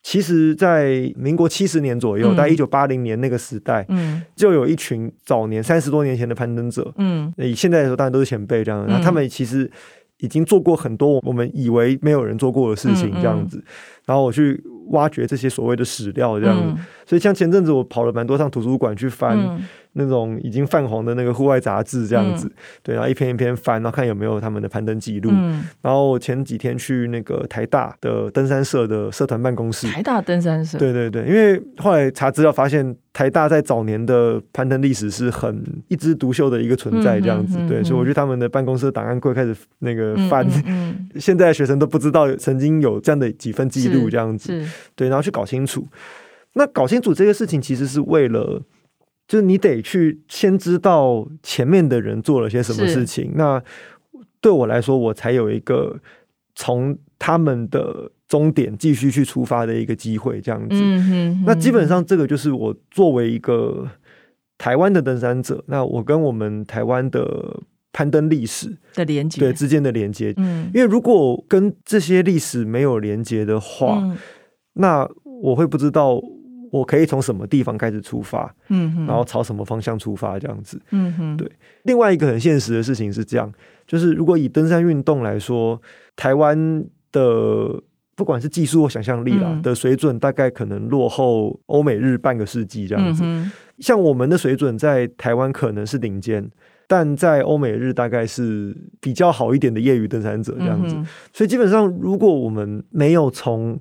其實，在民國七十年左右，在一九八零年那個時代，嗯、就有一群早年三十多年前的攀登者，嗯，以現在來說當然都是前輩這樣。那、嗯、他們其實已經做過很多我們以為沒有人做過的事情，這樣子。嗯嗯、然後我去挖掘這些所謂的史料，這樣。嗯所以像前陣子我跑了蠻多趟圖書館去翻、嗯、那種已經泛黃的那個戶外雜誌這樣子、嗯，對，然後一篇一篇翻，然後看有沒有他們的攀登記錄、嗯。然後前幾天去那個台大的登山社的社團辦公室，台大登山社，對對對，因為後來查資料發現台大在早年的攀登歷史是很一枝獨秀的一個存在，這樣子、嗯，嗯嗯嗯、對，所以我覺得他們的辦公室檔案櫃開始那個翻、嗯，嗯嗯嗯、 [laughs] 現在學生都不知道曾經有這樣的幾份記錄這樣子，對，然後去搞清楚。那搞清楚這個事情，其實是為了，就是你得去先知道前面的人做了些什麼事情。是。那對我來說，我才有一個從他們的終點繼續去出發的一個機會，這樣子。嗯哼嗯哼。那基本上，這個就是我作為一個台灣的登山者，那我跟我們台灣的攀登歷史的連接，對之間的連接。嗯。因為如果跟這些歷史沒有連接的話，嗯。那我會不知道。我可以從什麼地方開始出發？嗯哼，然後朝什麼方向出發？這樣子，嗯哼，對。另外一個很現實的事情是這樣，就是如果以登山運動來說，台灣的不管是技術或想象力啦，嗯，的水準，大概可能落後歐美日半個世紀這樣子。嗯哼，像我們的水準在台灣可能是頂尖，但在歐美日大概是比較好一點的業餘登山者這樣子。嗯哼，所以基本上，如果我們沒有從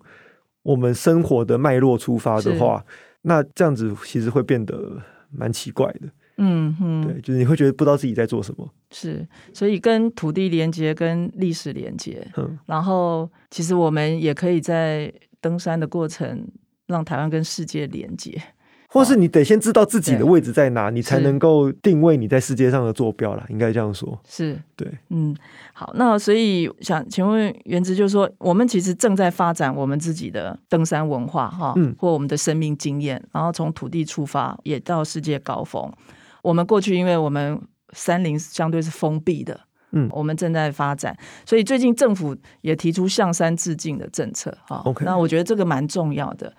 我們生活的脈絡出發的話，是那這樣子其實會變得蠻奇怪的。嗯哼，嗯對，就是你會覺得不知道自己在做什麼。是，所以跟土地連接，跟歷史連接。嗯，然後其實我們也可以在登山的過程，讓台灣跟世界連接。或是你得先知道自己的位置在哪，oh, 你才能夠定位你在世界上的坐標啦。是應該這樣說。是，對，嗯，好，那所以想請問元植就是說，我們其實正在發展我們自己的登山文化，哈、哦，嗯，或我們的生命經驗，然後從土地出發，也到世界高峰。我們過去因為我們山林相對是封閉的，嗯，我們正在發展，所以最近政府也提出向山致敬的政策，哈、哦、，OK，那我覺得這個蠻重要的。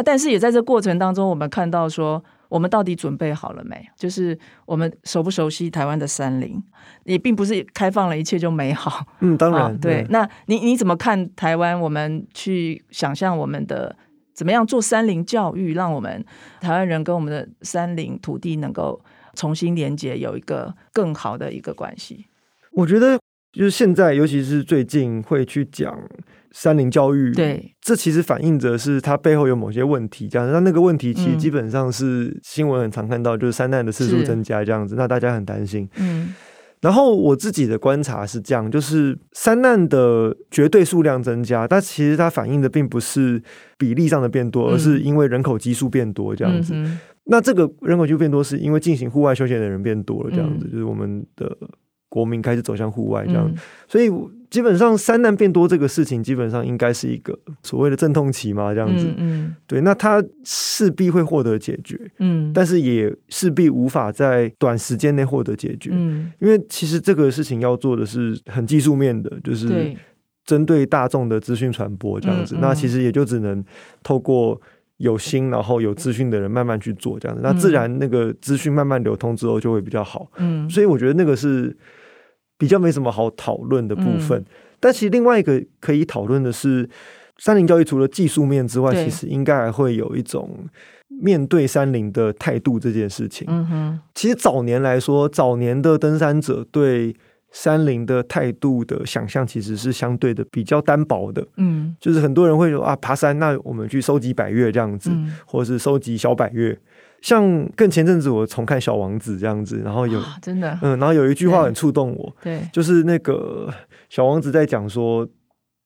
啊、但是也在這過程當中，我們看到說，我們到底準備好了沒？就是我們熟不熟悉台灣的山林？也並不是開放了一切就美好。嗯，當然，啊、對。嗯，那你你怎麼看台灣？我們去想象我們的怎麼樣做山林教育，讓我們台灣人跟我們的山林土地能夠重新連接，有一個更好的一個關係？我覺得就是現在，尤其是最近會去講。山林教育，對，這其實反映着是它背後有某些問題，這樣。那那個問題其實基本上是新聞很常看到，嗯、就是山難的次數增加這樣子，那是大家很擔心。嗯、然後我自己的觀察是這樣，就是山難的絕對數量增加，但其實它反映的並不是比例上的變多，而是因為人口基數變多這樣子。嗯、那這個人口基數變多，是因為進行戶外休閒的人變多了這樣子，嗯、就是我們的國民開始走向戶外這樣，嗯、所以。基本上山難變多這個事情，基本上應該是一個所謂的陣痛期嘛，這樣子、嗯。嗯、對，那它勢必會獲得解決。嗯。但是也勢必無法在短時間內獲得解決。嗯、因為其實這個事情要做的是很技術面的，就是針對大眾的資訊傳播這樣子。嗯嗯、那其實也就只能透過有心然後有資訊的人慢慢去做這樣子。嗯、那自然那個資訊慢慢流通之後就會比較好。嗯、所以我覺得那個是比較沒什麼好討論的部分，嗯、但其實另外一個可以討論的是，山林教育除了技術面之外，對，其實應該還會有一種面對山林的態度這件事情。嗯哼，其實早年來說，早年的登山者對山林的態度的想象，其實是相對的比較單薄的。嗯，就是很多人會說啊，爬山那我們去收集百岳這樣子，嗯、或者是收集小百岳。像更前陣子我重看《小王子》這樣子，然後有、啊、真的、嗯，然後有一句話很觸動我，對，對就是那個小王子在講說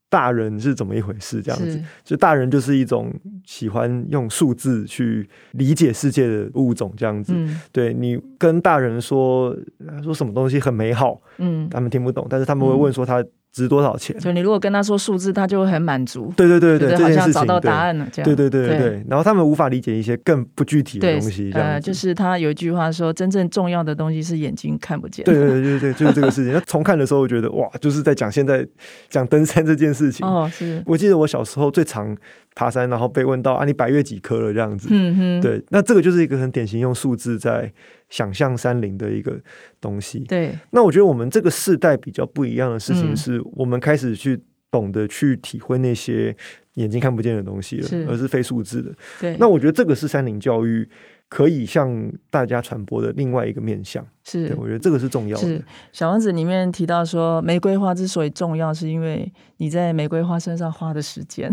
大人是怎麼一回事這樣子，是就大人就是一種喜歡用數字去理解世界的物種這樣子，嗯、對你跟大人說說什麼東西很美好，嗯，他們聽不懂，但是他們會問說他。值多少錢？所以你如果跟他說數字，他就會很滿足。對對對對，就好像找到答案了。這，這樣對對對對。對，然後他們無法理解一些更不具體的東西。對、呃，就是他有一句話說，真正重要的東西是眼睛看不見。對對對對對，就是這個事情。 [laughs] 那重看的時候，我覺得哇，就是在講現在講登山這件事情。哦，是。我記得我小時候最常爬山，然後被問到啊，你百岳幾顆了這樣子。嗯哼。對，那這個就是一個很典型用數字在想象山林的一個東西，對。那我覺得我們這個世代比較不一樣的事情是，我們開始去懂得去體會那些眼睛看不見的東西了，是而是非數字的。對。那我覺得這個是山林教育可以向大家傳播的另外一個面向。是，對，我覺得這個是重要的。小王子裡面提到說，玫瑰花之所以重要，是因為你在玫瑰花身上花的時間，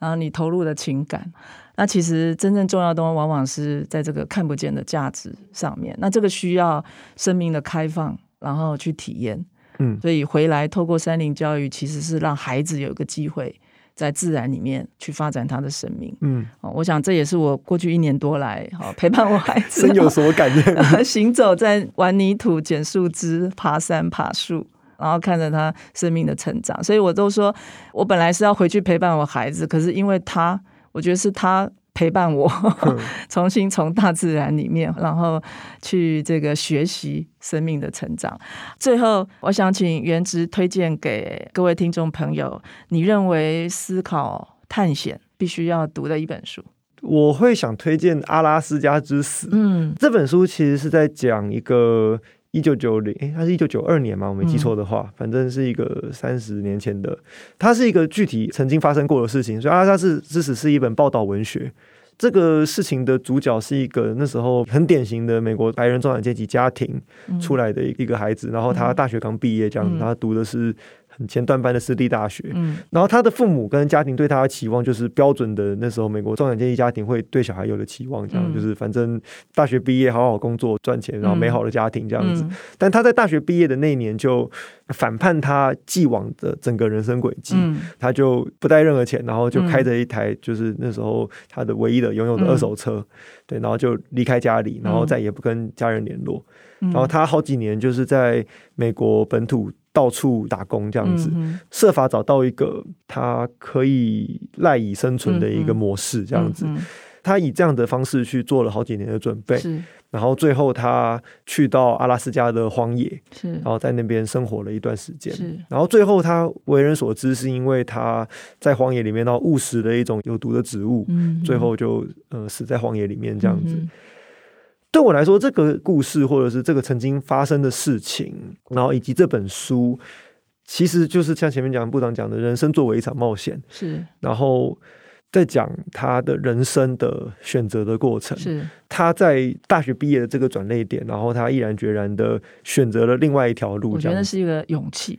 然後你投入的情感。那其實真正重要的東西往往是在這個看不見的價值上面。那這個需要生命的開放，然後去體驗。嗯，所以回來透過山林教育，其實是讓孩子有一個機會在自然裡面去發展他的生命。嗯，我想這也是我過去一年多來哈陪伴我孩子，身有所感覺，行走在玩泥土、撿樹枝、爬山、爬樹，然後看着他生命的成長。所以我都說我本來是要回去陪伴我孩子，可是因為他。我覺得是他陪伴我， [laughs] 重新從大自然裡面，然後去這個學習生命的成長。最後，我想請元植推薦給各位聽眾朋友，你認為思考探險必須要讀的一本書。我會想推薦《阿拉斯加之死》。嗯，這本書其實是在講一個。一九九零，哎，他是一九九二年嗎？我沒記錯的話，嗯、反正是一個三十年前的。他是一個具體曾經發生過的事情，所以啊，它是其實是一本報道文學。這個事情的主角是一個那時候很典型的美國白人中產階級家庭出來的一個孩子，嗯、然後他大學剛畢業，這樣，、嗯、他，這樣他讀的是。很前段班的私立大學，嗯、然後他的父母跟家庭對他的期望就是標準的，那時候美國中產階級家庭會對小孩有的期望，這樣、嗯、就是反正大學畢業好好工作，賺錢，然後美好的家庭這樣子。嗯、但他在大學畢業的那一年就。反叛他既往的整個人生軌跡，嗯、他就不帶任何錢，然後就開着一台就是那時候他的唯一的擁有的二手車，嗯、對，然後就離開家裡，然後再也不跟家人聯絡，嗯、然後他好幾年就是在美國本土到處打工，這樣子，嗯哼、設法找到一個他可以賴以生存的一個模式，這樣子。嗯他以這樣的方式去做了好幾年的準備，是然後最後他去到阿拉斯加的荒野，是然後在那邊生活了一段時間，是然後最後他為人所知是因為他在荒野裡面然後誤食了一種有毒的植物，嗯嗯，最後就呃死在荒野裡面這樣子。嗯嗯，對我來說，這個故事或者是這個曾經發生的事情，然後以及這本書，其實就是像前面講部長講的，人生作為一場冒險是，然後。在講他的人生的選擇的過程，是他在大學畢業的這個轉捩點，然後他毅然決然的選擇了另外一條路。我覺得是一個勇氣，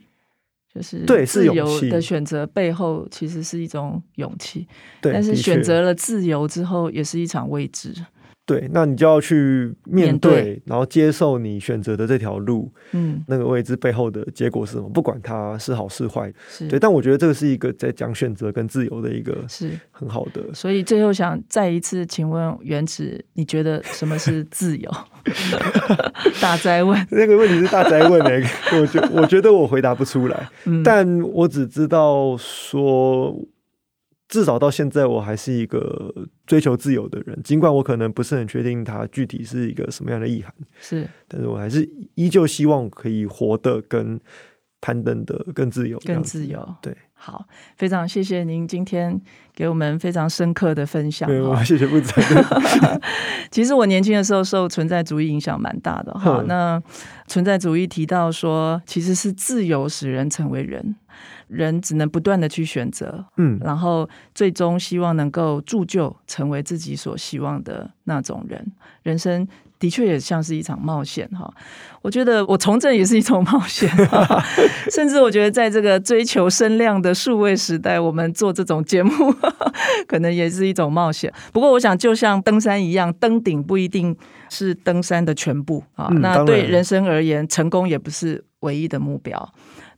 就是對自由的選擇背後其實是一種勇氣。對，是勇氣。但是選擇了自由之後，也是一場未知。對，那你就要去面對，面對，然後接受你選擇的這條路，嗯，那個位置背後的結果是什麼？不管它是好是壞，是。對，但我覺得這個是一個在講選擇跟自由的一個，是很好的。所以最後想再一次請問元植，你覺得什麼是自由？ [laughs] [laughs] 大哉問，那個問題是大哉問誒，我覺我覺得我回答不出來，嗯、但我只知道說，至少到現在我還是一個。追求自由的人，儘管我可能不是很確定他具體是一個什麼樣的意涵。是，但是我還是依舊希望可以活得更攀登的更自由，更自由。對，好，非常謝謝您今天給我們非常深刻的分享哦，對，沒有，謝謝部長。 [laughs] 其實我年輕的時候受存在主義影響蠻大的哈，嗯，那存在主義提到說，其實是自由使人成為人。人只能不斷地去選擇，嗯，然後最終希望能夠鑄就成為自己所希望的那種人。人生的確也像是一場冒險哈，我覺得我從政也是一種冒險， [laughs] 甚至我覺得在這個追求聲量的數位時代，我們做這種節目可能也是一種冒險。不過，我想就像登山一樣，登頂不一定是登山的全部啊。嗯，那對人生而言，嗯，成功也不是唯一的目標。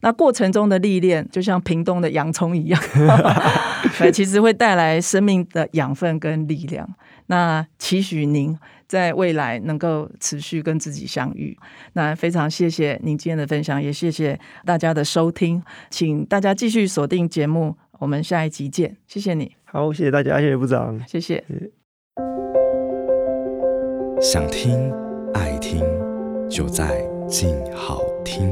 那過程中的歷練，就像屏東的洋蔥一樣， [laughs] 其實會帶來生命的養分跟力量。那期許您在未來能夠持續跟自己相遇。那非常謝謝您今天的分享，也謝謝大家的收聽，請大家繼續鎖定節目，我們下一集見。謝謝你，好，謝謝大家，謝謝部長，謝謝。謝謝。想聽愛聽，就在鏡好聽。